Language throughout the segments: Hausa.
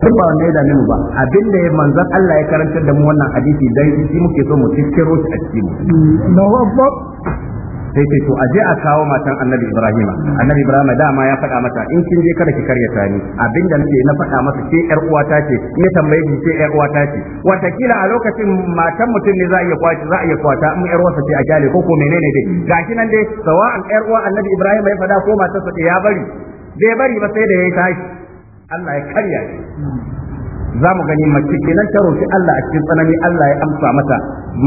duk ba wanda ya dame mu ba abin da ya Allah ya karantar da mu wannan hadisi dan shi muke so mu tikkiro shi a cikin mu Na sai sai to aje a kawo matan annabi ibrahim annabi ibrahim dama ya faɗa mata in kin je kada ki karyata ni abinda nake na faɗa masa ke yar uwata ce ni tambaye ki ce yar uwata ce watakila a lokacin matan mutum ne za a iya kwaci za a iya kwata in yar uwarsa ce a jale ko ko menene dai gashi nan dai sawa'an yar uwa annabi ibrahim ya faɗa ko matarsa ya bari bai bari ba sai da ya tashi Allah ya karya za mu gani mace kenan ta roki Allah a cikin tsanani Allah ya amsa mata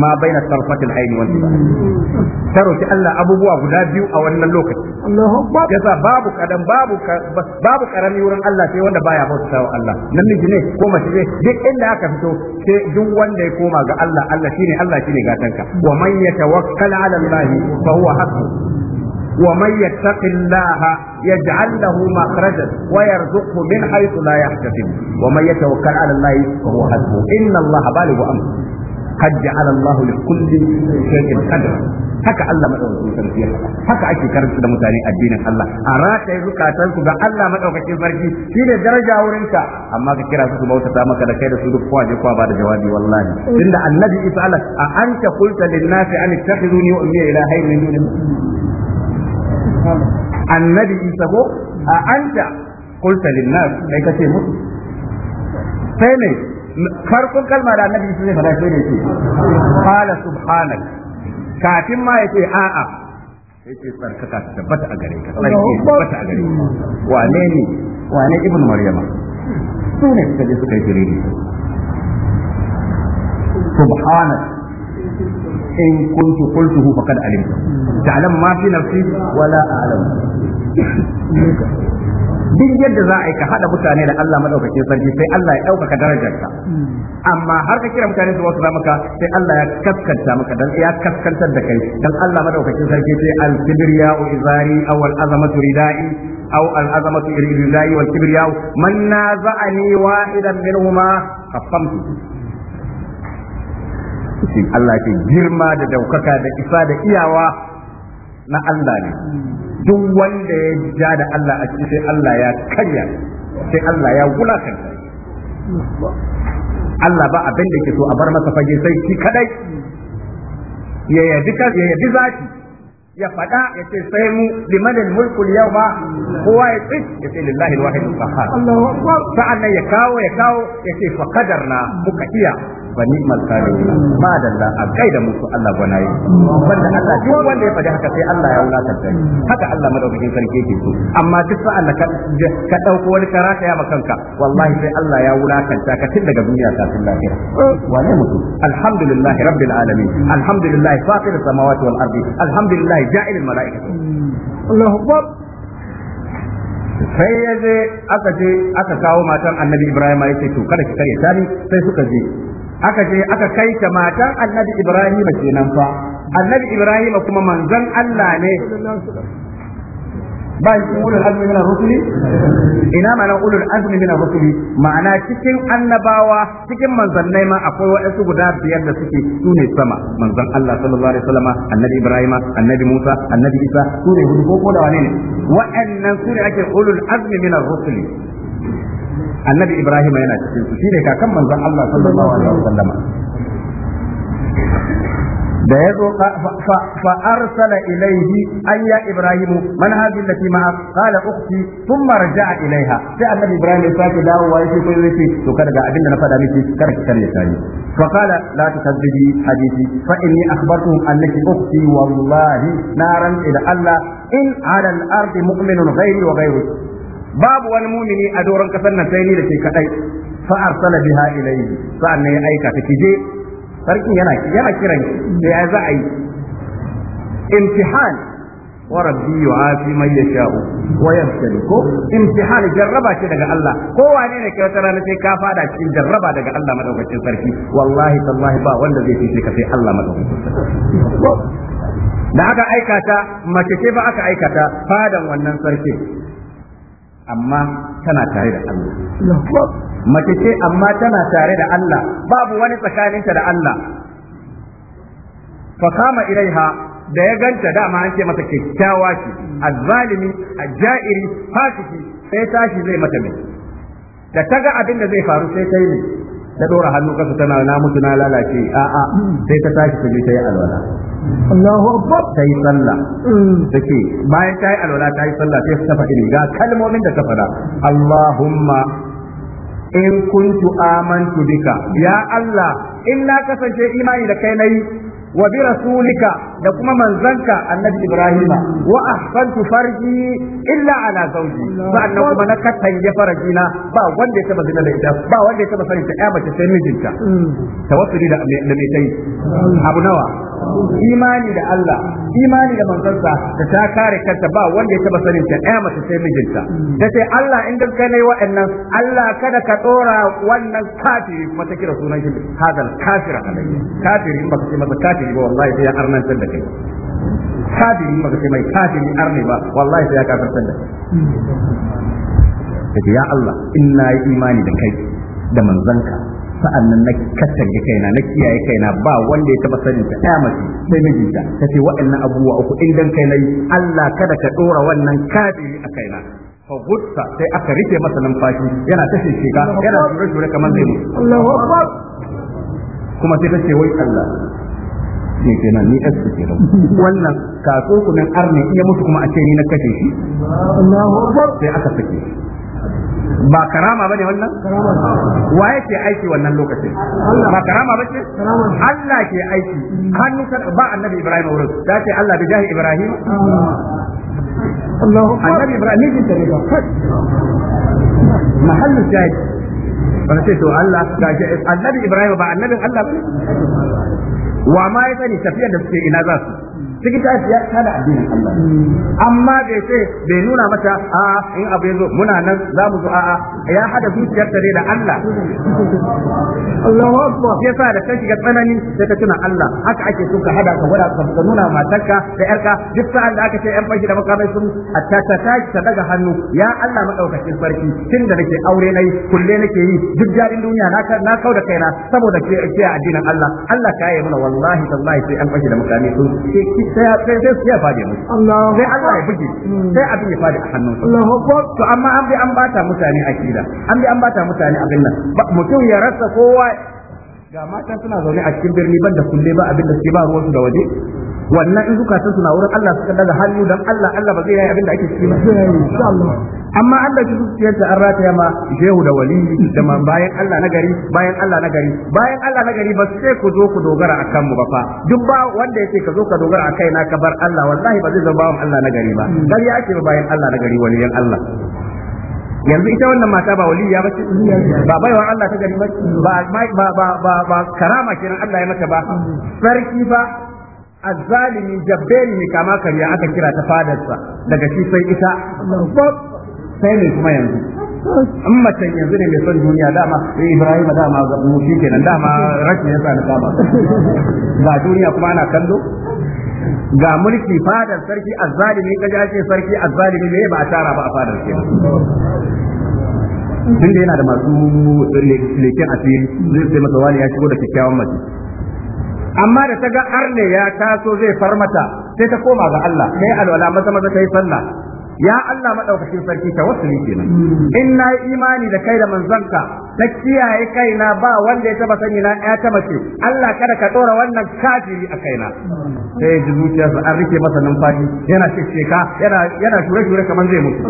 ma baina tarfatil aini wal ta roki Allah abubuwa guda biyu a wannan lokaci Allahu akbar yasa babu kadan babu babu karami wurin Allah sai wanda baya bauta Allah namiji ne ko mace ne duk inda aka fito sai duk wanda ya koma ga Allah Allah shine Allah shine gatanka wa man yatawakkal ala Allah fa huwa hasbuh ومن يتق الله يجعل له مخرجا ويرزقه من حيث لا يحتسب ومن يتوكل على الله فهو حسبه ان الله بالغ امره قد جعل الله لكل شيء قدرا haka Allah madaukakin sarki ya faɗa haka ake karanta da mutane addinin Allah a rataye zukatan ga Allah madaukakin sarki shine daraja wurin ka amma ka kira su su bautata maka da kai da su duk kowa je kowa ba da jawabi wallahi tunda annabi Isa Allah a anta qulta lin nasi an ittakhizuni wa ummi ilahayn annabi isa ko a anta qulta lin-nas kai kace musu sai ne farkon kalma da annabi isa zai fada sai ne ce qala subhanak kafin ma yace a'a sai ce sarkaka ta tabbata a gare ka tabbata a gare ka wane ne wane ibnu maryama su ne suka je suka yi kiriri subhanak in kuntu qultuhu faqad alimta ta'lam ma fi nafsi wala a'lam duk yadda za a yi ka haɗa mutane da Allah madaukake sarki sai Allah ya ɗaukaka darajarka amma har ka kira mutane su wasu maka sai Allah ya kaskanta maka dan ya kaskantar da kai dan Allah madaukake sarki sai al-kibriya wa izari aw al-azamatu ridai aw al-azamatu ridai wal kibriya man naza'ani wahidan minhuma kafamtu suke Allah ke girma da daukaka da isa da iyawa na Allah ne duk wanda ya ja da Allah a cikin sai Allah ya karya sai Allah ya wulakanta Allah ba abin da ke so a bar masa fage sai shi kadai ya yabi zaki ya faɗa ya ce sai mu limanin mulkul yawma kowa ya tsit ya ce lillahi alwahid alqahhar sa'an ya kawo ya kawo ya ce fa qadarna muka iya fa ni'mal qadirin ma dalla a kai da musu Allah gwana yi wanda Allah duk wanda ya faɗi haka sai Allah ya wulakanta shi haka Allah madaukakin sarki yake so amma duk sa'an da ka dauko wani karaka ya makanka wallahi sai Allah ya wulakanta ka tun daga duniya kafin lafiya wane mutum alhamdulillah rabbil alamin alhamdulillah fatir samawati wal ardi alhamdulillah ja'il al malaikati Allahu akbar sai ya je aka je aka kawo matan annabi ibrahim ya ce to kada ki kare sani sai suka je aka je aka kai ta matan annabi ibrahim kenan fa annabi ibrahim kuma manzon Allah ne ba cikin ulul azmi min rusuli ina ma'ana ulul azmi min rusuli ma'ana cikin annabawa cikin manzannai ma akwai waɗansu guda biyar da suke su ne sama manzon Allah sallallahu alaihi wasallam annabi Ibrahim annabi Musa annabi Isa su ne hudu ko da wane ne waɗannan su ne ake ulul azmi min rusuli annabi ibrahim yana cikin su shine kakan manzon Allah sallallahu alaihi wasallam da ya zo fa arsala ilaihi an ibrahim ibrahimu man hadhihi allati ma'a qala ukhti thumma raja'a ilaiha sai annabi ibrahim ya sake wa yake ko yake to kada ga abinda na fada miki kar ki karya tani fa qala la tukazzibi hadithi fa inni akhbartuhum annaki ukhti wallahi naran ila allah in ala al-ardi mu'minun ghairi wa ghairi babu wani mumini a doron kasar nan sai ni da ke kadai fa arsala biha ilayhi sa'an ya aika ta kije sarki yana yana kiran da ya za a yi imtihan wa rabbi yu'afi man yasha'u wa yabtali ko imtihan jarraba ce daga Allah ko wane ne wata rana sai ka fada cikin jarraba daga Allah madaukakin sarki wallahi tallahi ba wanda zai fice ka sai Allah madaukakin sarki da aka aikata mace ce ba aka aikata fadan wannan sarki amma tana tare da Allah mace ce amma tana tare da Allah babu wani tsakaninta da Allah fa kama ilaiha da ya ganta dama an ce mata kyakkyawa ce azzalimi ajairi fasiki sai tashi zai mata mai da ta ga abin da zai faru sai ta yi ta dora hannu kasa tana na mutu na lalace a'a sai ta tashi ta je ta yi alwala Allahu Akbar ta yi sallah mm. ta ce bayan ta yi alwala ta yi sallah sai ta faɗi ga kalmomin da ta faɗa Allahumma in kuntu amantu bika ya Allah in na kasance imani da kai nayi wa bi rasulika da kuma manzanka annabi ibrahima wa ahsantu farji illa ala zawji sannan kuma na katange farjina ba wanda ya taba zina da ita ba wanda ya taba sanin ta ya mace sai mijinta mm. tawassuli da me tai abu nawa imani da Allah imani da manzansa da ta kare kanta ba wanda ya taba sanin ta ɗaya mace sai mijinta ta sai Allah in kai nayi wa'annan Allah kada ka tsora wannan kafiri kuma ta kira sunan shi hadal kafira alayhi kafiri in baka ce masa kafiri ba wallahi sai ya arnantar da kai kafiri in baka ce mai kafiri arne ba wallahi sai ya kafirtar da kai ya Allah inna yi imani da kai da manzanka sa'an nan na katange kaina na kiyaye kaina ba wanda ya taba sanin ta ɗaya mace sai mijinta ta ce waɗannan abubuwa uku idan kai na yi, Allah kada ka ɗora wannan kafiri a kaina fa gutsa sai aka rike masa numfashi yana ta sheka yana jure jure kamar zai mutu kuma sai ta ce wai Allah ne kenan ni asu kenan wannan kaso kunan arne iya mutu kuma a ce ni na kashe shi sai aka sake shi ba karama bane wannan Waye ke aiki wannan lokacin ba karama bace Allah ke aiki hannu ba annabi Ibrahim wurin da ce Allah bi jahi Ibrahim annabi Ibrahim ne ta riga mahallu shahid ba ce to Allah ga annabi Ibrahim ba annabin Allah wa ma ya sani tafiyar da suke ina za su cikin ya kada addinin Allah amma bai ce bai nuna mata a in abu yazo muna nan za mu zo a ya hada zuciyar ta da Allah Allahu akbar da ta shiga tsanani da ta tuna Allah haka ake so ka hada ka gwada ka nuna matarka da yarka duk sa'an da aka ce yan fashi da makamai sun ta ta ta daga hannu ya Allah madaukakin sarki tun da nake aure yi, kulle nake yi duk jarin duniya na na kauda kaina saboda ke addinin Allah Allah ka yi mana wallahi tallahi sai yan fashi da makamai sun sai sai ya fadi musu sai Allah ya buge hmm. sai abin ya fadi a hannun su to amma an bi an bata mutane akida an bi an bata mutane abin nan mutum ya rasa kowa ga mata suna zaune a cikin birni ban da kulle ba abin da suke ba ruwansu da waje wannan in zukatan suna wurin Allah suka daga hannu dan Allah Allah ba zai yi abin da ake ciki ba amma Allah ki zuciyar ta an rataya ma shehu da wali da man bayan Allah na gari bayan Allah na gari bayan Allah na gari ba sai ku zo ku dogara akan mu ba fa duk ba wanda yake ka zo ka dogara akai na ka bar Allah wallahi ba zai zama bawan Allah na gari ba gari ake ba bayan Allah na gari waliyan Allah yanzu ita wannan mata ba waliya ba ce ba baiwa Allah ta gari ba ba ba ba karama kenan Allah ya mata ba sarki ba azzalimi jabbeli ne kama kariya aka kira ta fadarsa daga shi sai ita sai ne kuma yanzu in macen yanzu ne mai son duniya dama sai Ibrahim dama ga mu shi kenan dama rashin yasa na dama ba duniya kuma ana kallo ga mulki fadar sarki azzalimi kaje ake sarki azzalimi me ba a tara ba a fadar ke tun da yana da masu leken asiri zai sai masa wani ya shigo da kyakkyawan mace amma da ta ga arne ya taso zai farmata sai ta koma ga Allah sai alwala maza maza ta yi sallah ya Allah madaukakin sarki ne kenan in na yi imani da kai da manzanka na kiyaye kaina ba wanda ya taba sani na ya ta mace Allah kada ka dora wannan kafiri a kaina sai ji zuciyarsa an rike masa numfashi yana sheksheka yana yana shure-shure kamar zai mutu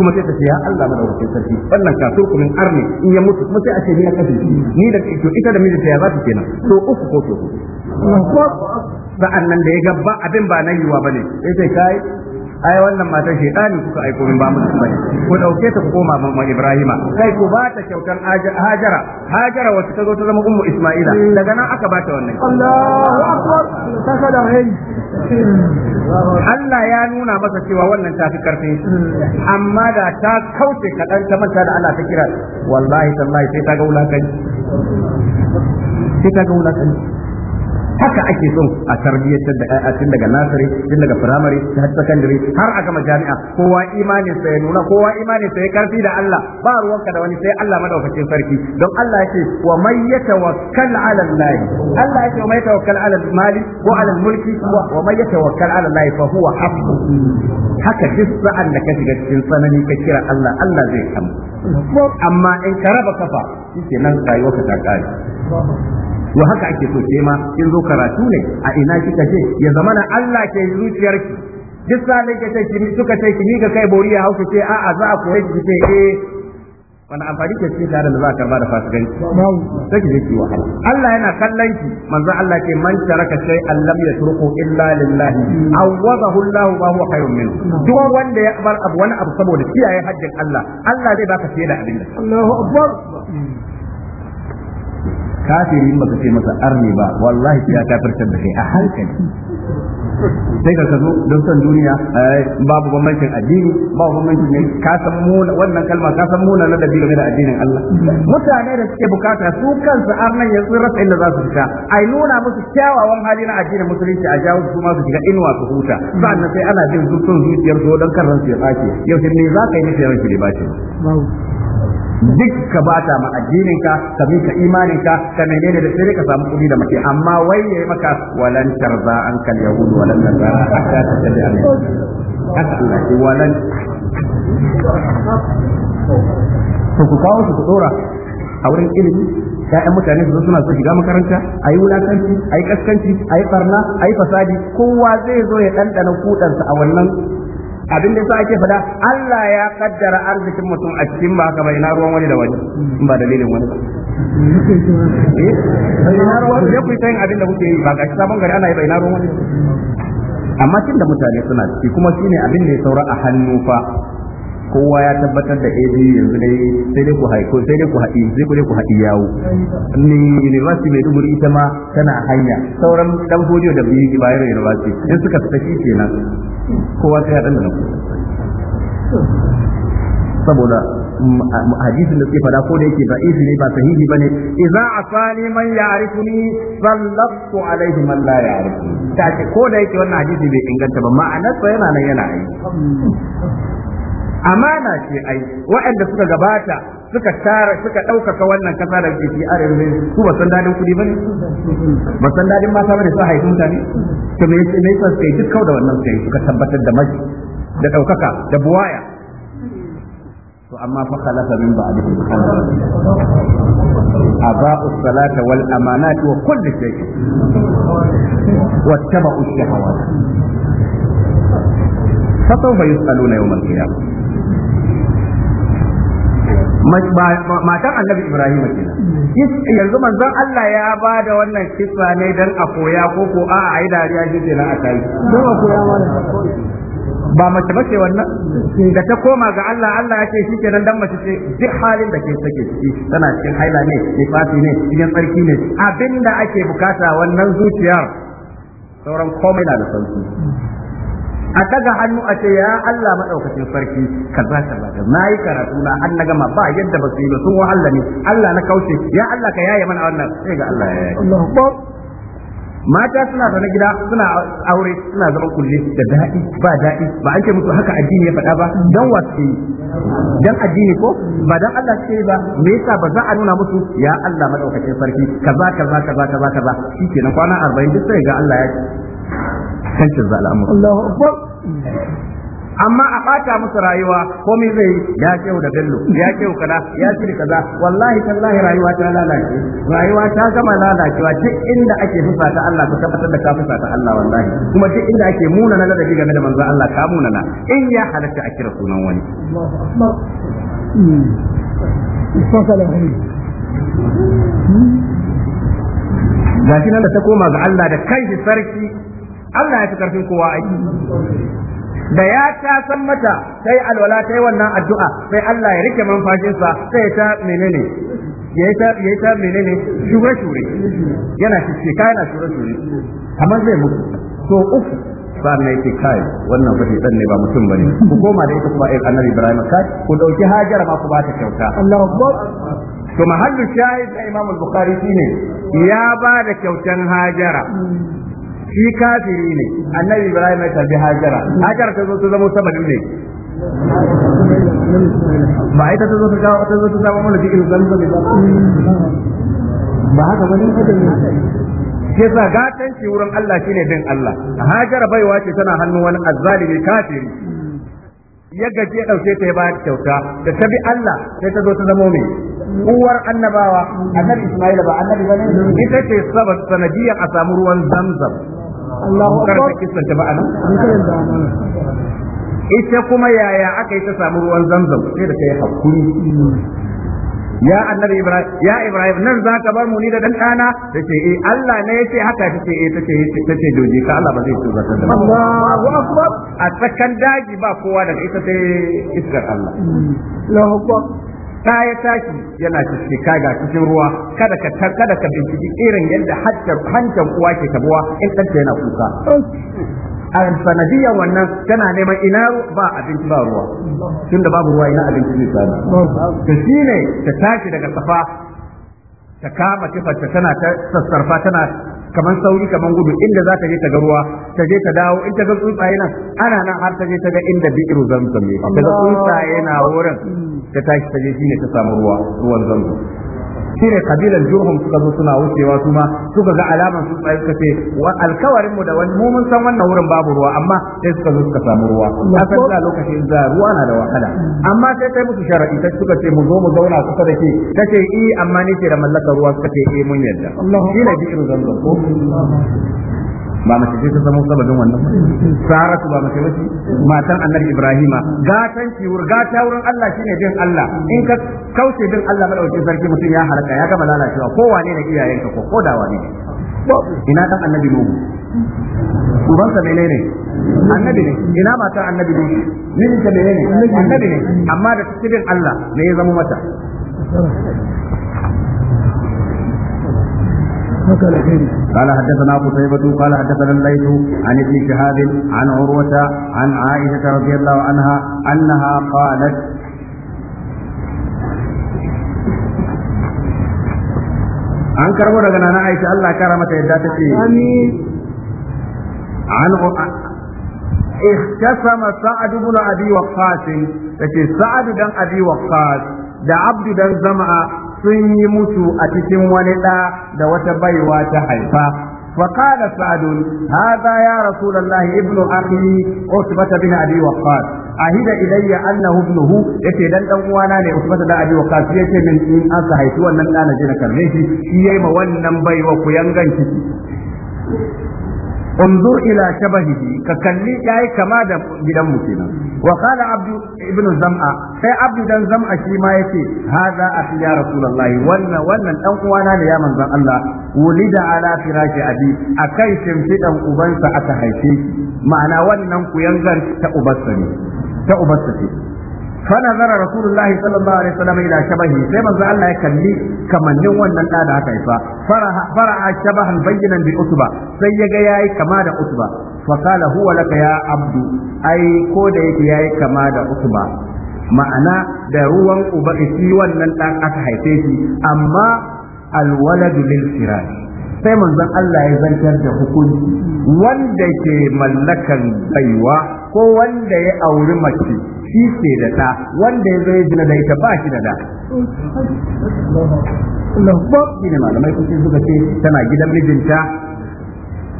kuma sai ta ce ya Allah madaukakin sarki wannan kafir kumin arni in ya mutu kuma sai a ce ni na kafi ni da to ita da mijinta ya za ta kenan to uku ko to sa'an nan da ya ga ba abin ba na yiwa bane sai sai kai ai wannan matar shedani kuka aiko min ba musu bane ku dauke ta ku koma mamma Ibrahima kai ku ba ta kyautan Hajara Hajara wacce ta zo ta zama ummu Isma'ila daga nan aka ba ta wannan Allahu akbar ta kada rai Allah ya nuna masa cewa wannan ta fi karfi amma da ta kauce kadan ta manta da Allah ta kira wallahi tallahi sai ta ga wulakanci sai ta ga wulakanci haka ake so a tarbiyyatar da ƴaƴa tun daga nasari tun daga firamare har sakandare har a gama jami'a kowa imani sa ya nuna kowa imani sa ya karfi da Allah ba ruwanka da wani sai Allah madaukakin sarki don Allah yake wa may yatawakkal ala Allah Allah yake wa may yatawakkal ala mali ko ala mulki wa may yatawakkal ala Allah fa huwa hasbu haka duk sa'an da ka shiga cikin tsanani ka kira Allah Allah zai kama amma in ka raba kafa shikenan rayuwarka ta kare to haka ake so ke ma kin zo karatu ne a ina kika ce ya zama na Allah ke zuciyarki duk sa'an ke ce ki suka ce ki kai bori ya hausa ce a'a za a koyi ki ce eh wani amfani ke cikin da za ka da fasikanci sai ki je ki wahala Allah yana kallon ki manzo Allah ke man taraka shay allam yatruku illa lillahi awwadahu Allah wa huwa khairun min. duk wanda ya bar abu wani abu saboda kiyaye haddin Allah Allah zai baka fiye da abin da Allahu akbar kafiri baka ce masa arni ba wallahi sai ya kafirtar da kai a hankali sai ka ka don san duniya eh, babu bambancin addini babu bambancin ne ka san mona wannan kalma ka san mona na dabi game da addinin Allah mutane da suke bukata su kansu arnan yanzu rasa inda za su fita ai nuna musu kyawawan hali na addinin musulunci a jawo su ma su shiga inuwa su huta sannan sai ana jin zuciyar zuciyar zo don kan ransu ya bace yau sai me za ka yi nufi ranki bai bace ba duk ka bata ma addinin ka ka mika imanin ka ka menene da sai ka samu kudi da mace amma wai yayi maka walan tarza an kal yahud walan tarza hatta tattabi amin hatta walan to ku kawo su ku dora a wurin ilimi ya'yan mutane su suna so shiga makaranta a yi wulakanci a yi kaskanci a yi barna a yi fasadi kowa zai zo ya ɗanɗana kudansa a wannan abin da yasa ake fada Allah ya kaddara arzikin mutum a cikin ba haka bai naruwan ruwan wani da wani in ba dalilin wani ba ya eh? ku yin abin da kuke yi ba ga sabon gari ana yi bai na ruwan wani amma tun da mutane suna ciki kuma shine abin da ya saura a hannu fa kowa ya tabbatar da AB yanzu dai sai dai ku haiko sai dai ku haɗi sai ku dai ku haɗi yawo ni university mai duburi ita ma tana hanya sauran dan fodiyo da biyu ki bayar university in suka fita shi kenan kowa sai ya dan nan saboda mm, mm, hadisin da suke fada ko da yake ba isi ne ba sahihi iza a asani man ni sallallahu alaihi man la ya'rifuni ta ce ko da yake wannan hadisi bai inganta ba ma'anar sa yana nan yana aiki amana ce ai waɗanda suka gabata suka tara suka ɗaukaka wannan kasa da ke arewa su ba san dadin kuɗi ne ba san dadin mata ba ne su haifi mutane to me yake me yasa sai duk da wannan sai suka tabbatar da maji da ɗaukaka da buwaya to amma fa khalafa min ba'di aba'u salata wal amanat wa kulli shay wattaba'u shahawat fa tawba yus'aluna yawm al-qiyamah matan annabi ibrahim kenan mm. yanzu manzon Allah ya ba da wannan kisa ne dan a koya ko ko a a yi dariya shi kenan a kai ba mace ba ce wannan mm. da ta koma ga Allah Allah yake shi kenan dan mace ce duk halin da ke take ciki tana cikin haila ne nifasi ne cikin tsarki ne abinda ake bukata wannan zuciyar sauran komai na da sauki mm. a daga hannu a ce ya Allah madaukakin sarki kaza kaza na yi karatu na an na gama ba yadda ba su yi ba sun wahala ne Allah na kauce ya Allah ka yaye mana wannan sai ga Allah ya mata suna zaune gida suna aure suna zaman kulle da daɗi ba daɗi ba an ce musu haka addini ya faɗa ba dan wasu dan addini ko ba dan Allah ce ba me yasa ba za a nuna musu ya Allah madaukakin sarki kaza kaza kaza kaza kaza shikenan kwana 40 duk sai ga Allah ya kan canza al'amura Allahu akbar amma a ɓata musu rayuwa komai zai ya kyau da bello ya kyau kaza ya shiri kaza wallahi tallahi rayuwa ta lalace rayuwa ta gama lalacewa duk inda ake fusa ta Allah ka tabbatar da ka fusa ta Allah wallahi kuma duk inda ake munana da shi game da manzo Allah ka munana in ya halatta a kira sunan wani gashi nan da ta koma ga Allah da kai sarki Allah ya fi karfin kowa aiki da ya ta san mata sai alwala sai wannan addu'a sai Allah ya rike manfashinsa sai ta menene ya yi ta menene shure-shure yana shishika yana shure-shure amma zai mutu so uku sannan yake kai wannan fashi dan ne ba mutum ba ne. ku koma da ita kuma annabi Ibrahim kai ku dauki Hajara ma ku ba ta kyauta Allahu Akbar to mahallu shahid na Imam al-Bukhari shine ya ba da kyautan Hajara shi kafiri ne annabi ibrahim ya karbi hajara hajara ta zo ta zama sabadin ne ba a ta zo ta ta zo ta zama mana cikin zamzami ba ba haka ba ne ke sa gatanci wurin Allah shine bin Allah hajara baiwa ce tana hannun wani azzalimi kafiri ya gaje dauke ta ba kyauta da ta bi Allah sai ta zo ta zama mai uwar annabawa annabi Isma'ila ba annabi ba ne? ita ce sabab sanadiyar a samu ruwan zamzam Allahu akbar kisan ta ba anan ita kuma yaya aka yi ta samu ruwan zamzam sai da ta yi hakuri ya annabi ibrahim ya ibrahim nan za ka bar mu ni da dan dana tace eh Allah ne yace haka tace eh tace tace doje ka Allah ba zai tuba ta da Allahu akbar a tsakan daji ba kowa da ita sai iskar Allah mm. Allahu akbar ta ya tashi yana ka ga cikin ruwa kada ka kada ka binciki irin yadda hancan uwa ke tabuwa in ɗanta yana kuka a sanadiyar wannan tana neman ina ba abinci ba ruwa tunda babu ruwa ina abinci ne sami da shi ne ta tashi daga safa ta kama tifarta tana ta sassarfa tana kamar sauri kamar gudu inda za ta je ta ga ruwa ta je ta dawo in ta ga tsuntsaye nan ana nan har ta je ta ga inda iru zamzam ne ta ga tsuntsaye na wurin ta tashi ta je shine ta samu ruwa ruwan zamzam shine kabilar jurhum suka zo suna wucewa su ma suka ga alaman su tsaye suka ce alkawarin mu da wani mu mun san wannan wurin babu ruwa amma sai suka zo suka samu ruwa kasan san da lokacin da ruwa na da wahala amma sai kai musu shar'i ta suka ce mu zo mu zauna kusa da ke tace i eh, amma ni ce da mallakar ruwa suka ce eh mun yarda shine bi irin zanzan ko ba mace ce ta zama sababin wannan saratu ba mace wace matan annabi ibrahima gatan kiwur gata wurin Allah shine bin Allah in ka kauce bin Allah madaukakin sarki mutum ya halaka ya gama lalacewa ko wane ne iyayenka ko ko da wane ina dan annabi mu. nuhu ubansa menene annabi ne ina matan annabi mu nuhu mijinta menene annabi ne amma da cikin Allah ne ya zama mata قال حدثنا قتيبة قال حدثنا الليث عن ابن شهاب عن عروة عن عائشة رضي الله عنها أنها قالت an karbo daga nana Aisha Allah kara mata yadda ta ce an ikhtasama sa'ad ibn abi waqqas tace sa'ad dan abi waqqas da abdu dan zama'a sun yi mutu a cikin wani ɗa da wata baiwa ta haifa فقال سعد هذا يا رسول الله ابن اخي عتبة بن ابي وقاص عهد الي انه ابنه yace dan دان uwana ne Usman da ابي وقاص يتي min in an haifi wannan dana je na karbe shi shi yayi ma wannan baiwa ku yangan ciki انظر الى شبهه ككلي جاي كما دا جدان مكينا وقال عبد ابن زمعة سي عبد دان زمعة شي ما يتي هذا اخي يا رسول الله وانا وانا دان uwana ne ya manzon Allah wulida a bi a akai shimfiɗan ubansa aka haife shi ma'ana wannan kuyangar ta ubarsa ne ta ce فنظر رسول الله صلى الله عليه وسلم الى sai manzo Allah ya kalli kamannin wannan da aka haifa faraha faraha shabahan bayyana bi utba sai yaga yayi kama da utba fa qala huwa laka ya abdu ai ko da yake yayi kama da utba ma'ana da ruwan uba shi wannan dan aka haife shi amma alwaladu lil firash sai manzon Allah ya zantar da hukunci wanda ke mallakan baiwa ko wanda ya auri mace shi ke da ta wanda ya zai zina da ita ba shi da da shi ne malamai kusa suka ce tana gidan mijinta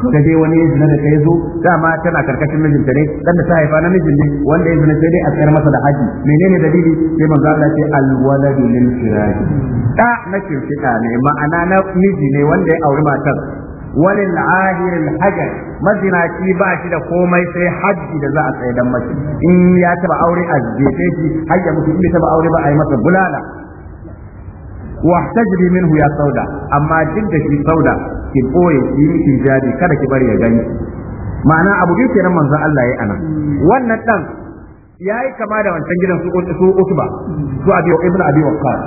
ta je wani ya zina da ta zo dama tana karkashin mijinta ne dan da ta haifa na mijin ne wanda ya zina sai dai a tsayar masa da haji menene dalili sai manzo Allah ce alwaladu lil firaji da na kirkita ne ma'ana na miji ne wanda ya auri matar walil ahiril hajar mazinaci ba shi da komai sai hajji da za a tsaye dan mace in ya taba aure a jefe shi har ya mutu in taba aure ba a masa bulala tajri minhu ya sauda amma duk da shi sauda ki boye ki miki jari, kada ki bari ya gani ma'ana abu biyu kenan manzon Allah yayi anan wannan dan yayi kama da wancan gidan su su utuba su abi ibnu abi waqqas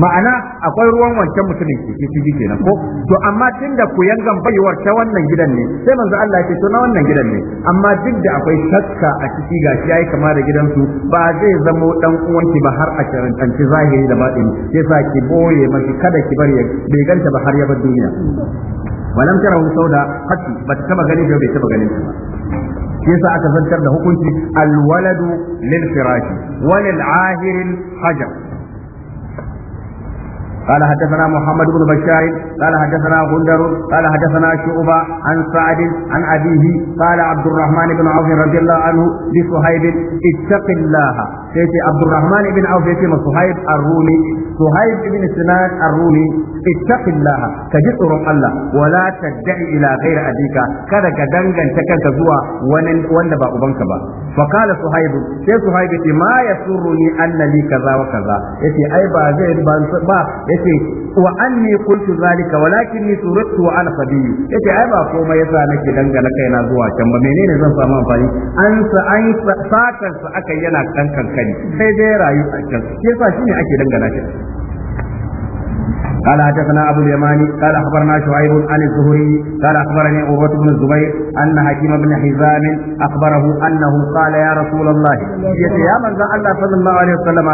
ma'ana akwai ruwan wancan mutumin ke ke ciki kenan ko to amma tunda ku yanga baiwar ta wannan gidan ne sai manzo Allah ya ce to na wannan gidan ne amma duk da akwai shakka a ciki gashi yayi kama da gidan su ba zai zama dan uwanki ba har a karantanci zahiri da baɗini sai sa ki boye mashi kada ki bari bai ganta ba har ya bar duniya walam hu sauda hatta ta taba gani ba bai taba ganin ba shi yasa aka zantar da hukunci alwaladu lil firashi walil ahirin hajar قال حدثنا محمد بن بشار قال حدثنا غندر قال حدثنا شعبة عن سعد عن أبيه قال عبد الرحمن بن عوف رضي الله عنه لصهيب اتق الله sai ce Abdurrahman ibn Auf yace ma Suhaib ar-Rumi Suhaib ibn Sinan ar-Rumi ittaqillaha ka ji tsoron Allah wala tad'i ila ghairi abika kada ka danganta kanka zuwa wani wanda ba ubanka ba fa qala Suhaib sai Suhaib yace ma yasurruni anna kaza wa kaza yace ai ba zai ba ba yace wa anni qultu zalika walakinni suratu wa ana sabiy yace ai ba komai yasa nake dangana kaina zuwa can ba menene zan samu amfani an sa an sa aka yana kankan gani sai dai rayu a can yasa shine ake dangana shi قال حدثنا ابو اليماني قال اخبرنا شعيب عن الزهري قال اخبرني عروه بن الزبير ان حكيم بن حزام اخبره انه قال يا رسول الله يا من الله صلى الله عليه وسلم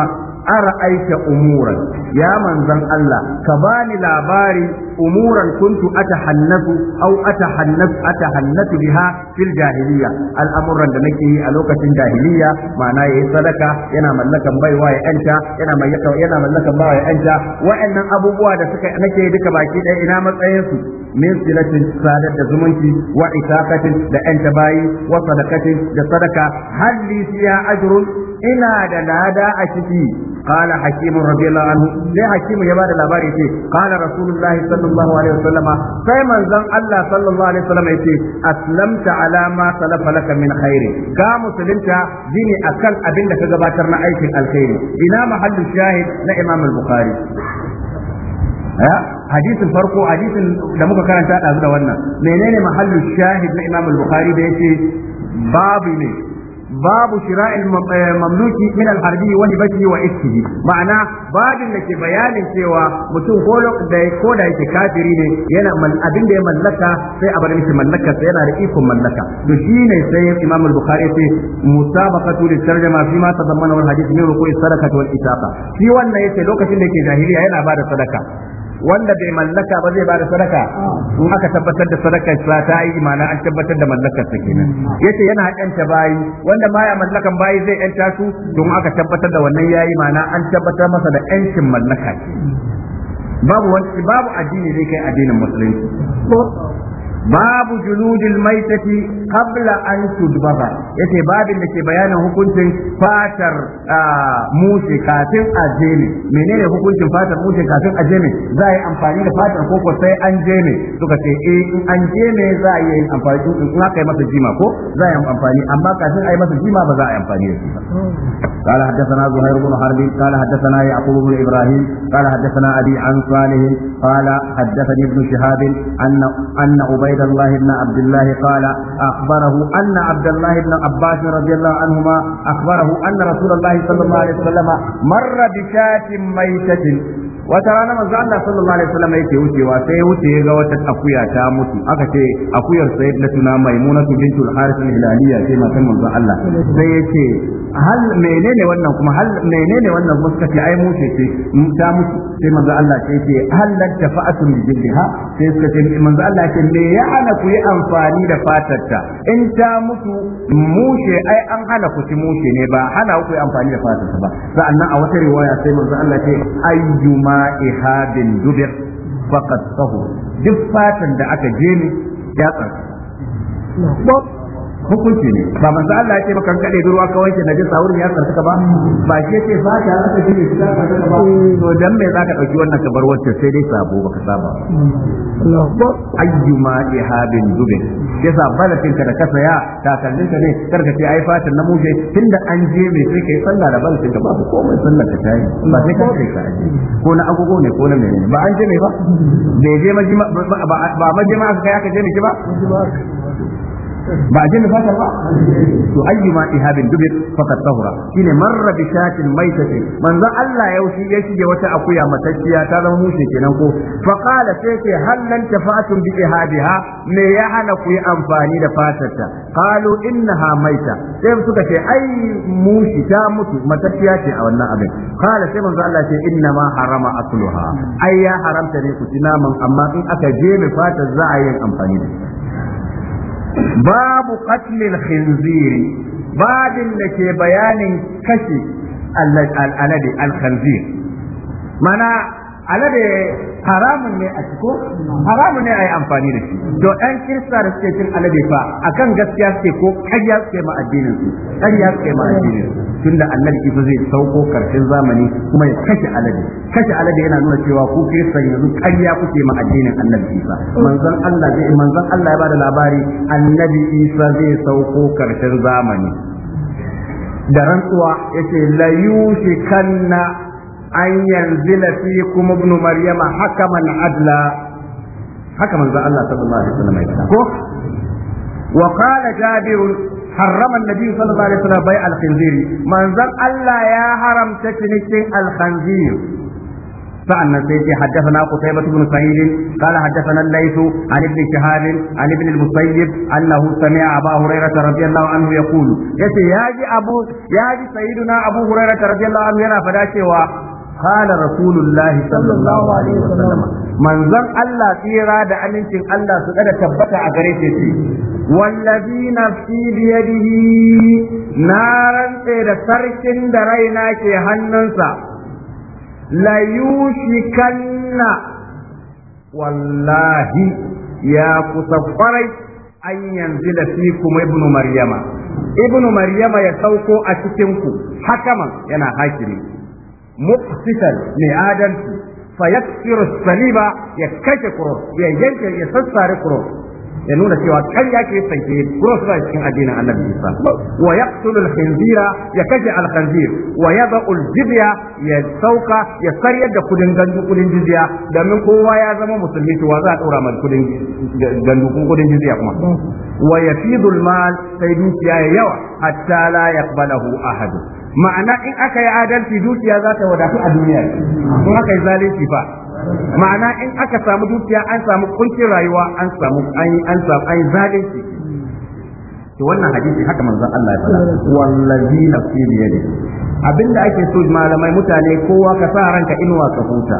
ara'aita umuran ya manzan Allah ka bani labari umuran kuntu atahannatu aw atahannatu atahannatu biha fil jahiliya al'amuran da nake yi a lokacin jahiliya ma'ana yayi sadaka yana mallakan baiwa ya yanta yana mallaka yana mallakan baiwa ya yanta wa'annan abubuwa da suka nake duka baki ɗaya ina matsayin su min silatin sadar da zumunci wa isaqatin da yanta bayi wa sadaqatin da sadaka hal li fiha ajrun ina da lada a ciki قال حكيم رضي الله عنه ليه حكيم يا بعد الأباري قال رسول الله صلى الله عليه وسلم فيما زن الله صلى الله عليه وسلم يتي أسلمت على ما سلف لك من خير كا مسلمت ديني أكل أبن لك جباترنا أيك الخير بنا محل الشاهد لإمام البخاري hadisin farko hadisin da muka karanta da da wannan menene mahallin shahid na Imam al-Bukhari da yake babu ne babu shira'il mamluki min al-harbi wa hibatihi wa iskihi ma'ana babin da ke bayanin cewa mutum ko da ko yake kafiri ne yana abin da ya mallaka sai a bar mishi mallaka sai yana da ikon mallaka to shine sai Imam al-Bukhari sai musabaqatu li tarjuma fi ma tadammana al hadisi, min ruku'i sadaqati wal itaqa shi wannan yace lokacin da yake jahiliya yana bada sadaka wanda bai mallaka ba zai bada sadaka ah. in aka tabbatar da sadaka sa ta yi imana an tabbatar da mallakar sa kenan hmm. yace yana yanta bayi wanda baya mallakan bayi zai yanta su don aka tabbatar da wannan yayi imana an tabbatar masa da yancin mallaka hmm. babu wani babu addini zai kai addinin musulunci babu juludil maitati qabla an tudbaga yace babin da ke bayanin hukuncin fatar ah, mushe kafin a jeme menene hukuncin fatar mushe kafin a jeme za a yi amfani da fatar koko sai an jeme suka ce eh, an jeme za yi amfani in aka yi masa jima ko za a yi amfani amma kafin a yi masa jima ba za a yi amfani قال حدثنا زهير بن حرب قال حدثنا يعقوب بن ابراهيم قال حدثنا ابي عن صالح قال حدثني ابن شهاب ان ان عبيد عبيد الله بن عبد الله قال أخبره أن عبد الله بن عباس رضي الله عنهما أخبره أن رسول الله صلى الله عليه وسلم مر بشاة ميتة wata rana manzo Allah sallallahu alaihi wasallam yake wucewa sai wuce ga wata akuya ta mutu aka ce akuyar sayyidatuna maimunatu Maimuna, harith al-hilaliya ce matan manzo Allah sai yace hal menene wannan kuma hal ta mutu sai manzo Allah sai ce halal tafa'atun bi jildiha sai suka ce manzo Allah ce me ya hana ku yi amfani da fatarta in ta mutu mushe ai an hana ku ci mushe ne ba hana ku yi amfani da fatarta ba sa'annan a wata riwaya sai manzo Allah ce ayyuma ihadin dubir faqad sahu duk fatan da aka je ne ya tsarka. hukunci ne ba manzo Allah ya ce maka kankare ruwa kawai ke na jisa wurin ya tsarka ba ba shi ce ba ta aka ji shi ka ba to dan me zaka dauki wannan kabar wacce sai dai sabo baka saba Allahu ayyuma ihabin zubin yasa sa ba da ya saya takallin ka ne karka ce ai fatan na mushe tunda an je me sai kai sallah da balatin ka babu komai sallar ka tayi ba sai ka ce ka aje ko na agogo ne ko na ne ba an je ne ba bai je ba ba majima aka ya ka je ne ba ba a jinni fata ba to ayyuma ihabin dubir faqad tahura shine marra bi shatin maitatin manzo Allah ya wuce ya shige wata akuya matacciya ta zama mushe kenan ko fa qala sai ce hal lan tafatun bi me ya hana ku yi amfani da fatarta qalu innaha maita sai suka ce ai mushi ta mutu matacciya ce a wannan abin qala sai manzo Allah ce inna ma harama akluha ai ya haramta ne ku ci naman amma in aka je mai fatar za a yi amfani da babu qatlil khinziri babin da ke bayanin kashe alade al-khanzir mana alade haramun ne a ciko haramun ne a yi amfani da shi to ɗan kirista da suke cin alade fa a kan gaskiya suke ko ƙarya suke ma addinin su ƙarya suke ma addinin su tunda annabi isa zai sauko karshen zamani kuma ya kashe alade kashe alade yana nuna cewa ku kirista yanzu ƙarya kuke ma addinin annabi isa manzon Allah zai manzon Allah ya bada labari annabi isa zai sauko karshen zamani da rantsuwa yace la yushikanna an yanzila fi kuma ibn maryama hakaman adla haka manzo Allah sallallahu alaihi wasallam ya ko wa qala jabir حرم النبي صلى الله عليه وسلم بيع الخنزير من ذن الله يا حرم تشنكين الخنزير فعن سيد حدثنا قتيبة بن سعيد قال حدثنا الليث عن ابن شهاب عن ابن المسيب أنه سمع أبا هريرة رضي الله عنه يقول يا أبو يا سيدنا أبو هريرة رضي الله عنه ينا فداشي قال رسول الله صلى الله عليه وسلم Allah tsira da amincin Allah su da tabbata a gare shi ce wallazi nafsi biyadihi na rantse da sarkin da raina ke hannunsa la kanna. wallahi ya kusa kwarai an yanzu da fi kuma ibnu maryama ibnu maryama ya sauko a cikin ku hakaman yana hakimi مقسطا لآدم فيكسر الصليب يكشف كرو يجنك يسسر كرو ya nuna cewa kan ya ke sanke kuma suna cikin addinin annabi isa wa yaqtulu al-khinzira ya kaje al-khinzir wa yada'u al-jizya ya sauka ya karyar da kudin gandu kudin jizya min kowa ya zama musulmi to za a daura mai kudin gandu kudin jizya kuma wa yafidu al-mal sai dukiya ya yawa hatta la yaqbalahu ahad ma'ana in aka yi adalci dukiya za ta wadatu a duniya in aka yi zalunci fa ma'ana in aka samu dukiya an samu kuncin rayuwa an samu an an samu an shi to wannan hadisi haka manzon Allah ya faɗa wallazi nafsi biyadi abinda ake so malamai mutane kowa ka sa ranka inuwa ka huta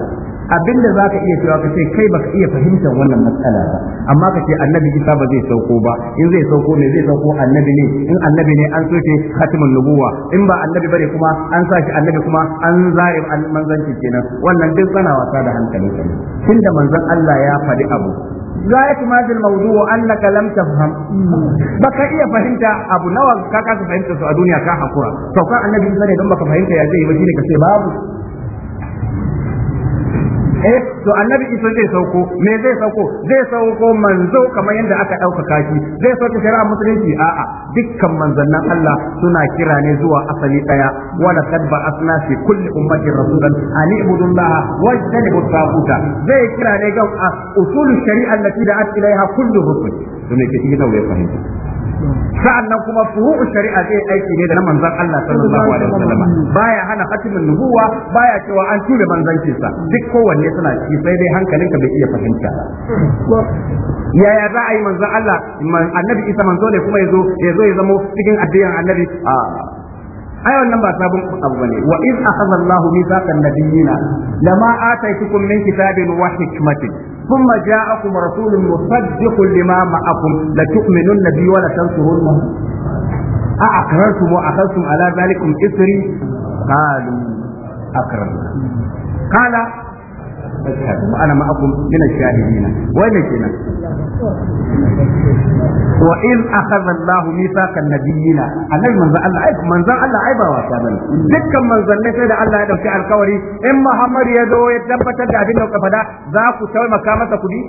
Abin za zaka iya cewa ka ce kai baka iya fahimtar wannan matsala ba amma ka ce annabi Isa ba zai sauko ba in zai sauko ne zai sauko annabi ne in annabi ne an soke khatimun nubuwa in ba annabi bane kuma an sa shi annabi kuma an zare manzanci kenan wannan duk kana wasa da hankali tunda manzon Allah ya faɗi abu غاية ما في الموضوع أنك لم تفهم بك إيه فهمت أبو نوى كاكا فهمت سؤال دنيا كاحا قرى سوكا النبي صلى الله عليه وسلم فهمت يا زي وجيني كسي باب eh to annabi isa zai sauko me zai sauko zai sauko manzo kamar yadda aka ɗaukaka shi zai sauko shari'a musulunci a'a dukkan manzannin Allah suna kira ne zuwa asali daya wa laqad ba'athna fi kulli ummatin rasulan an ibudu Allah wa ijtanibu taquta zai kira ne ga usul shari'a allati da'at ilaiha kullu rusul to me ke cikin ya fahimta Sa'an nan kuma furu'u shari'a zai aiki ne da na manzan Allah sallallahu alaihi wasallam baya hana hatimin nubuwa baya cewa an tura manzancin sa duk kowanne suna ci sai dai hankalinka bai iya fahimta yaya za a yi manzan Allah annabi Isa manzo ne kuma yazo zo ya zama cikin addinin annabi a ah. ai wannan ba sabon abu bane wa iz akhadha Allah mithaqan nabiyina lama ataitukum min kitabin wa hikmatin thumma ja'akum rasulun musaddiqun lima ma'akum la tu'minun nabi wa la tansurunhu a aqrartum wa akhadtum ala dhalikum isri qalu aqrarna qala fashhadu ana ma'akum min ash-shahidin wai ne kenan wa in akhadha Allah Allah ai manzon Allah ai ba wasa bane dukkan manzanni sai da Allah ya dauki alkawari in Muhammad ya zo ya tabbatar da abin da fada za ku taimaka masa kudi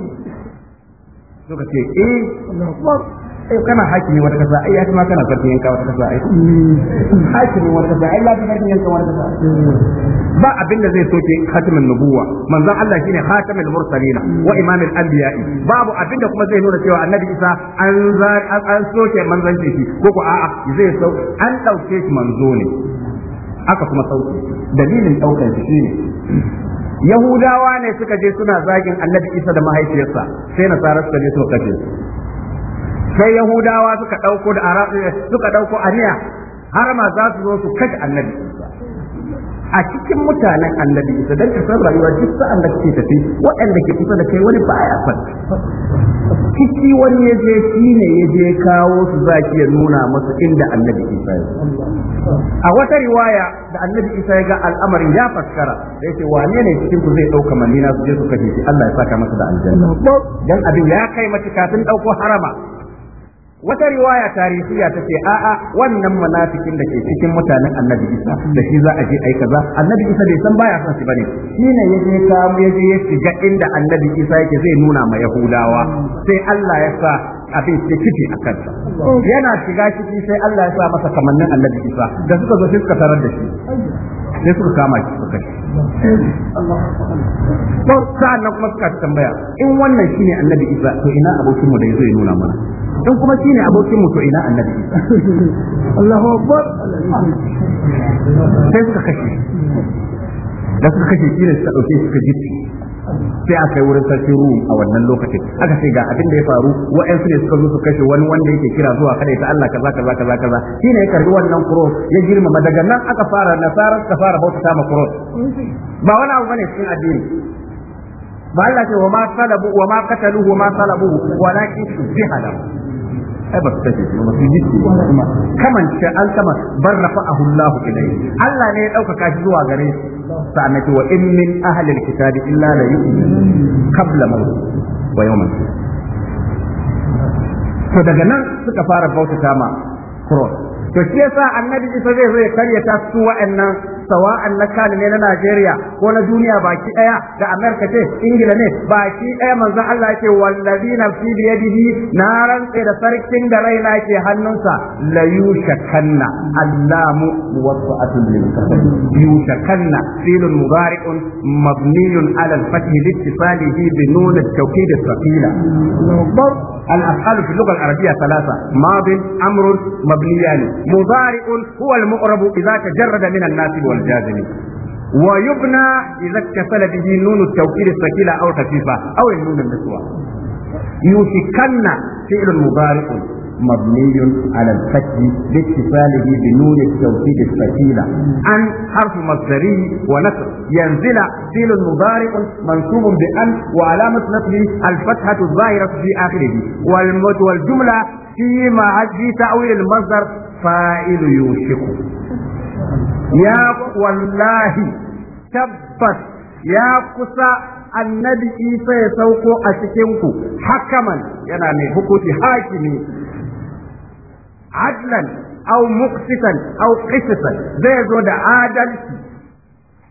ce eh, eh kana hakimi wata kasa ai haka ma kana sarkin yanka wata kasa ai hakimi wata kasa ai lafi sarkin yanka wata kasa ba abin da zai soke khatamin nubuwa manzon Allah shine khatamul mursalin wa imamul anbiya babu abin da kuma zai nuna cewa annabi Isa an an soke manzanci shi ko ko a'a zai sau an dauke shi manzo ne aka kuma sauke dalilin daukar shi ne Yahudawa ne suka je suna zagin annabi Isa da mahaifiyarsa sai nasara suka je suka kace sai yahudawa suka dauko da eh, suka dauko aniya har ma za su zo su kashe annabi a cikin mutanen annabi isa dan ka san rayuwa duk sa'an annabi ke tafi waɗanda ke kusa da kai wani baya fa ciki wani ya je shi ne ya je kawo su zaki ya nuna masu inda annabi isa ya a wata riwaya da annabi isa ya ga al'amarin ya faskara da yake wane ne cikin ku zai ɗauka madina su je su kashe Allah ya saka masa da aljanna dan abin ya kai mace kafin ɗauko harama wata riwaya tarihiya ta ce a'a wannan munafikin da ke cikin mutanen annabi isa da shi za a je aika kaza annabi isa bai san baya son shi bane ne. ya je samu ya je ya shiga inda annabi isa yake zai nuna ma yahudawa sai Allah ya sa abin sai kifi a kansa yana shiga ciki sai Allah ya sa masa kamannin annabi isa da suka zo suka tarar da shi sai suka kama shi suka kashe to sa'an nan kuma suka tambaya in wannan shine annabi Isa to ina abokinmu da yazo ya nuna mana in kuma shine abokin mu to ina annabi Isa Allahu akbar sai suka kashe da suka kashe kila suka dauke suka gitti sai a kai wurin sarki rum a wannan lokacin aka ce ga abin da ya faru wa'ansu ne suka zo su kashe wani wanda yake kira zuwa kada ta Allah kaza kaza kaza kaza shine ya karbi wannan cross ya girmama daga nan aka fara nasara suka fara bauta ma cross ba wani abu bane cikin addini ba Allah ce wa ma salabu wa ma qataluhu wa ma salabu walakin shubbiha lahu ai ba su kashe shi ba su yi shi kuma kaman an kama barrafa ahullahu ilayhi Allah ne ya dauka shi zuwa gare shi sa'annan wa in min ahli alkitab illa la yu'min to daga nan suka fara bauta ma cross to shi yasa annabi isa zai zai karyata su wa'annan sawa'an na kan ne na Najeriya ko na duniya baki daya da Amerika ce Ingila ne baki daya manzon Allah yake wallazi fi bi yadihi na rantse da sarkin da raina ke hannunsa la yushakanna allamu muwaffa'atun lil kasb yushakanna filun mudari'un mabniyun ala al-fath li ittifalihi bi nun at-tawkid as-saqila al-af'al fi al-lugha al-arabiyya thalatha mad amr mabniyan مضارع هو المقرب إذا تجرد من الناسب والجازم ويبنى إذا اتصل به نون التوكيل الثقيلة أو خفيفة أو النون النسوة يوشكن فعل مضارع مبني على الفتح لاتصاله بنون التوكيد الثقيلة أن حرف مصدري ونصر ينزل فعل مضارع منصوب بأن وعلامة نصره الفتحة الظاهرة في آخره والجملة fi ma fi ta'wil al-masdar fa'il yushiku ya wallahi tabbas ya kusa annabi Isa ya sauko a cikinku, hakaman yana mai hukunci hakimi adlan au muqsitan au qisasan zai zo da adalci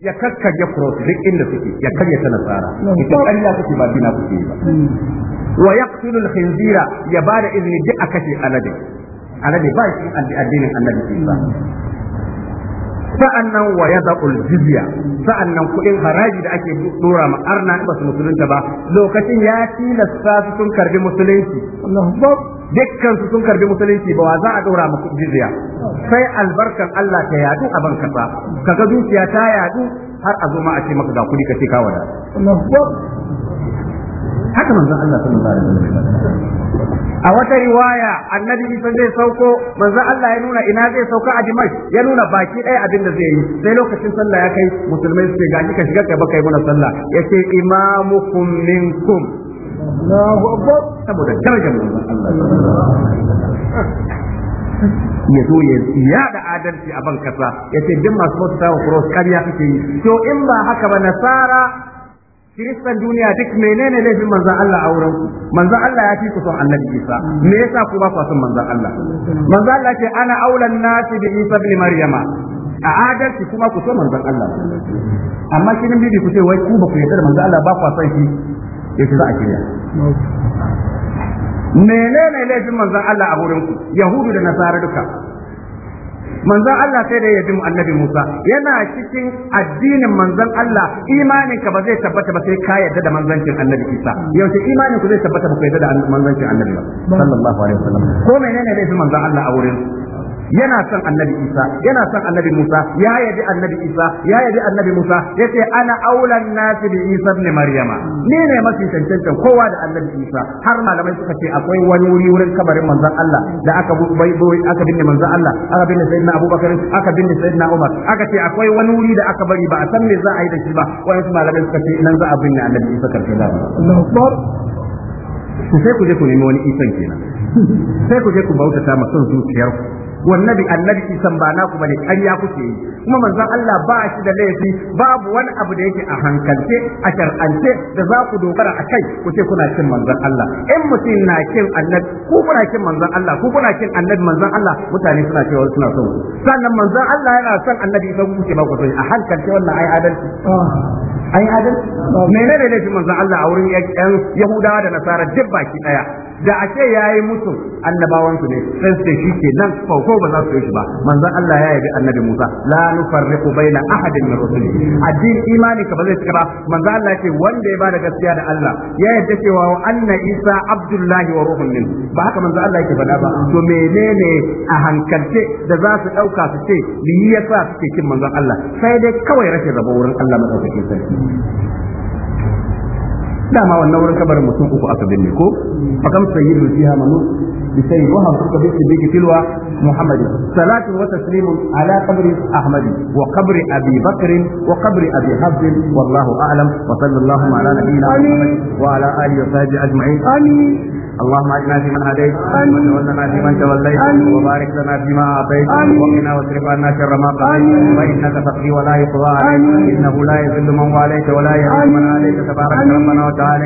ya kakkarya cross duk inda suke ya karya ta nasara ita ƙarya kuke ba bina kuke ba wa yaqtulu al-khinzira ya bada izini duk a kashe alade alade ba shi addinin annabi Isa sa'annan wa yada'ul jizya sa'annan kuɗin haraji da ake dora ma arna basu su musulunta ba lokacin ya tilasta su sun karbi musulunci dukkan su karbi musulunci ba wa za a dora musu sai albarkan Allah ta yadu a ban kasa kaga dukiya ta yaɗu, har a zoma a ce maka ga kuɗi kace ka wada haka manzon Allah sallallahu alaihi wasallam a wata riwaya annabi isa zai sauko manzon Allah ya nuna ina zai sauka a dimash ya nuna baki ɗaya abin da zai yi sai lokacin sallah ya kai musulmai su ce ga kika shiga kai baka yi muna sallah yace imamukum minkum Allahu akbar saboda darajar manzon Allah ya zo ya ya da adalci a ban kasa ya ce duk masu bauta wa kuros karya kake yi to in ba haka ba nasara kiristan duniya duk menene laifin manzan Allah a wurin manzan Allah ya fi ku son annabi Isa me yasa ku ba ku son manzan Allah manzan Allah ce ana aulan nasi bi Isa ibn Maryama a adalci kuma ku so manzan Allah amma kin bibi ku ce wai ku ba ku yarda da manzan Allah ba ku son shi yace za a kiriya menene laifin manzan Allah a wurin ku yahudu da nasara duka manzon Allah sai da ya bi annabi Musa yana cikin addinin manzon Allah imanin ka ba zai tabbata ba sai ka yadda da manzancin annabi Isa yaushe imanin ku zai tabbata ba ku yadda da manzancin annabi ba sallallahu alaihi wasallam ko menene ne manzon Allah a wurin yana son annabi Isa yana son annabi Musa ya yabi annabi Isa ya yabi annabi Musa yace ana aulan nasi bi Isa ibn Maryama ni ne mafi cancantan kowa da annabi Isa har malamai suka ce akwai wani wuri wurin kabarin manzon Allah da aka bai bai aka binne manzon Allah aka binne sayyidina Abubakar aka binne sayyidina Umar aka ce akwai wani wuri da aka bari ba a san me za a yi da shi ba wayansu malamai suka ce nan za a binne annabi Isa karfe da Allahu Akbar sai ku je ku nemi wani isan kenan sai ku je ku bautata ma son zuciyarku wannabi annabi isan ba naku bane ƙarya kuke yi kuma manzon Allah ba shi da laifi babu wani abu da yake a hankalce a shar'ance da za ku dogara a kai ku ce kuna kin manzon Allah in mutum na kin annabi ku kuna kin manzon Allah ku kuna kin annabi manzon Allah mutane suna cewa suna son sannan manzon Allah yana son annabi isan ku ba ku son a hankalce wannan ai adalci menene laifin manzon Allah a wurin yan Yahudawa da Nasara duk baki ɗaya? da a ce yayi musu annabawansu ne sai su shi ke nan ko ba za su yi shi ba manzon Allah ya yabi annabi Musa la nufarriqu baina ahadin min rusuli addin imani ka ba zai cika ba manzon Allah ce wanda ya ba da gaskiya da Allah ya yarda cewa wa anna Isa abdullahi wa ruhun min ba haka manzon Allah yake faɗa ba to menene a hankalce da za su ɗauka su ce ni yasa suke kin manzan Allah sai dai kawai rashin rabo wurin Allah madaukakin sarki dama wannan wurin kabarin mutum uku aka binne ko fakam sayyidu fiha manu bi sayyid wa bi muhammad salatu wa taslimun ala qabri ahmad wa qabri abi bakr wa qabri abi wallahu a'lam wa sallallahu ala nabiyyina muhammad wa ala alihi wa sahbihi ajma'in amin اللهم اجنا من هديت وتولنا من توليت وبارك لنا فيما اعطيت وقنا واصرف عنا شر ما قضيت فانك تقضي ولا يقضى انه لا يذل من واليت ولا يعز من عليك تبارك ربنا وتعالى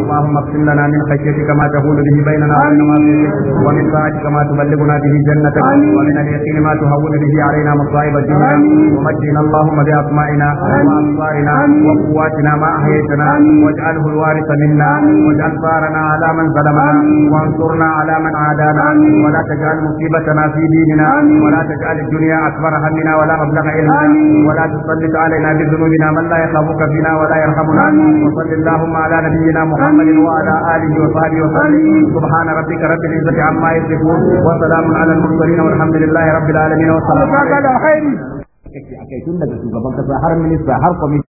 اللهم اقسم لنا من خشيتك ما تهول به بيننا وبين معصيتك ومن طاعتك ما تبلغنا به جنتك ومن اليقين ما تهون به علينا مصائب الدنيا ومجدنا اللهم باسمائنا وابصارنا وقواتنا ما احييتنا واجعله الوارث منا واجعل ثارنا على من ظلمنا وانصرنا على من عادانا ولا تجعل مصيبتنا في ديننا ولا تجعل الدنيا أكبر همنا ولا مبلغ علمنا ولا تسلط علينا بذنوبنا من لا يخافك فينا ولا يرحمنا وصل اللهم على نبينا محمد وعلى آله وصحبه وسلم سبحان ربك رب العزة عما يصفون وسلام على المرسلين والحمد لله رب العالمين والصلاة على خير إيه،